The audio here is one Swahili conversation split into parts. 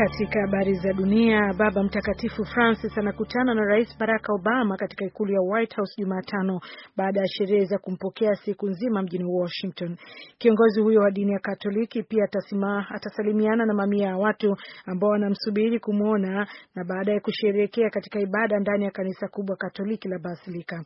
Katika habari za dunia, Baba Mtakatifu Francis anakutana na Rais Barack Obama katika ikulu ya White House Jumatano baada ya sherehe za kumpokea siku nzima mjini Washington. Kiongozi huyo wa dini ya Katoliki pia atasima, atasalimiana na mamia ya watu ambao wanamsubiri kumwona na baadaye kusherehekea katika ibada ndani ya kanisa kubwa Katoliki la Basilika.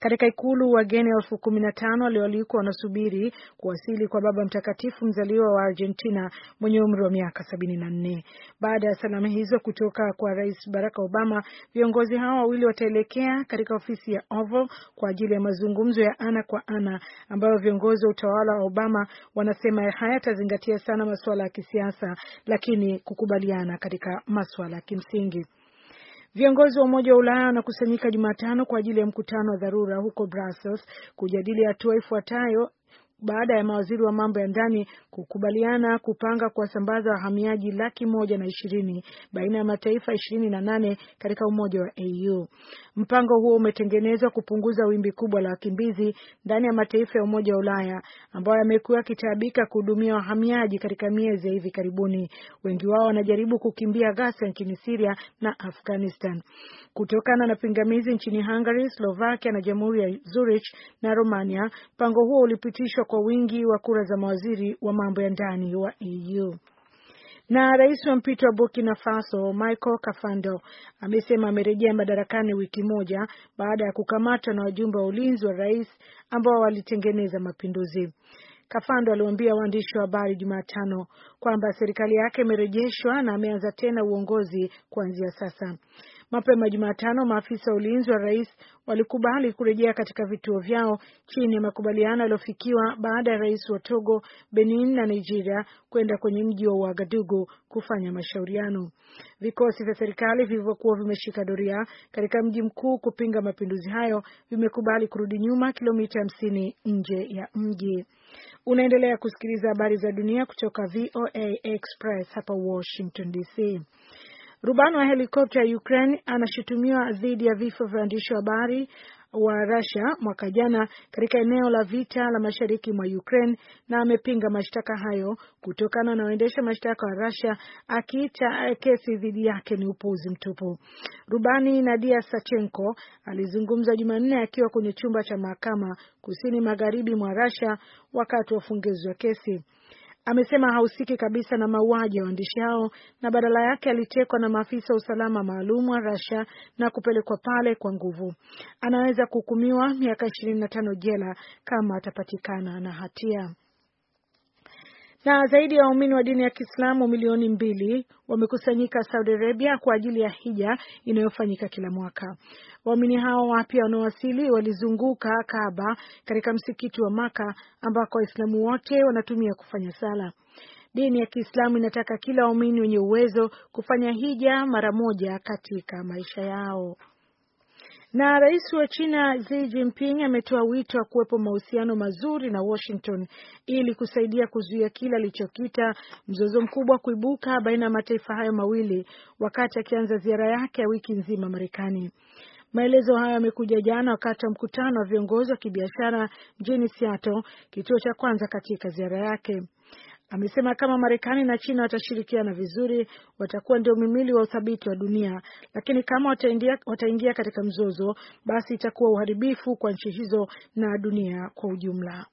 Katika ikulu, wageni elfu kumi na tano walioalikwa wanasubiri kuwasili kwa Baba Mtakatifu mzaliwa wa Argentina mwenye umri wa miaka 74. Baada ya salamu hizo kutoka kwa Rais Barack Obama, viongozi hao wawili wataelekea katika ofisi ya Oval kwa ajili ya mazungumzo ya ana kwa ana ambayo viongozi wa utawala wa Obama wanasema hayatazingatia sana masuala ya kisiasa, lakini kukubaliana katika masuala ya kimsingi. Viongozi wa Umoja wa Ulaya wanakusanyika Jumatano kwa ajili ya mkutano wa dharura huko Brussels kujadili hatua ifuatayo baada ya mawaziri wa mambo ya ndani kukubaliana kupanga kuwasambaza wahamiaji laki moja na ishirini baina ya mataifa ishirini na nane katika umoja wa AU. Mpango huo umetengenezwa kupunguza wimbi kubwa la wakimbizi ndani ya mataifa ya umoja wa Ulaya ambayo yamekuwa yakitaabika kuhudumia wahamiaji katika miezi ya hivi karibuni. Wengi wao wanajaribu kukimbia ghasia nchini Siria na Afghanistan. Kutokana na pingamizi nchini Hungary, Slovakia na jamhuri ya Zurich na Romania, mpango huo ulipitishwa kwa wingi wa kura za mawaziri wa mambo ya ndani wa EU. Na rais wa mpito wa Burkina Faso Michael Kafando amesema amerejea madarakani wiki moja baada ya kukamatwa na wajumbe wa ulinzi wa rais ambao walitengeneza mapinduzi. Kafando aliwaambia waandishi wa habari Jumatano kwamba serikali yake imerejeshwa na ameanza tena uongozi kuanzia sasa. Mapema Jumatano, maafisa wa ulinzi wa rais walikubali kurejea katika vituo vyao chini ya makubaliano yaliyofikiwa baada ya rais wa Togo, Benin na Nigeria kwenda kwenye mji wa Wagadugu kufanya mashauriano. Vikosi vya serikali vilivyokuwa vimeshika doria katika mji mkuu kupinga mapinduzi hayo vimekubali kurudi nyuma kilomita hamsini nje ya mji. Unaendelea kusikiliza habari za dunia kutoka VOA Express hapa Washington DC. Rubani wa helikopta ya Ukraine anashutumiwa dhidi ya vifo vya waandishi wa habari wa Russia mwaka jana katika eneo la vita la mashariki mwa Ukraine na amepinga mashtaka hayo kutokana na waendesha mashtaka wa Russia akiita kesi dhidi yake ni upuuzi mtupu. Rubani Nadia Sachenko alizungumza Jumanne akiwa kwenye chumba cha mahakama kusini magharibi mwa Russia wakati wa ufunguzi wa kesi amesema hahusiki kabisa na mauaji ya waandishi hao na badala yake alitekwa na maafisa wa usalama maalum wa Russia na kupelekwa pale kwa nguvu. Anaweza kuhukumiwa miaka ishirini na tano jela kama atapatikana na hatia. Na zaidi ya waumini wa dini ya Kiislamu milioni mbili wamekusanyika Saudi Arabia kwa ajili ya hija inayofanyika kila mwaka. Waumini hao wapya wanaowasili walizunguka Kaaba katika msikiti wa Maka ambako Waislamu wote wanatumia kufanya sala. Dini ya Kiislamu inataka kila waumini wenye uwezo kufanya hija mara moja katika maisha yao. Na rais wa China Xi Jinping ametoa wito wa kuwepo mahusiano mazuri na Washington ili kusaidia kuzuia kile alichokita mzozo mkubwa kuibuka baina ya mataifa hayo mawili wakati akianza ziara yake ya wiki nzima Marekani. Maelezo hayo yamekuja jana wakati wa mkutano wa viongozi wa kibiashara mjini Seattle, kituo cha kwanza katika ziara yake. Amesema kama Marekani na China watashirikiana vizuri, watakuwa ndio mimili wa uthabiti wa dunia, lakini kama wataingia, wataingia katika mzozo, basi itakuwa uharibifu kwa nchi hizo na dunia kwa ujumla.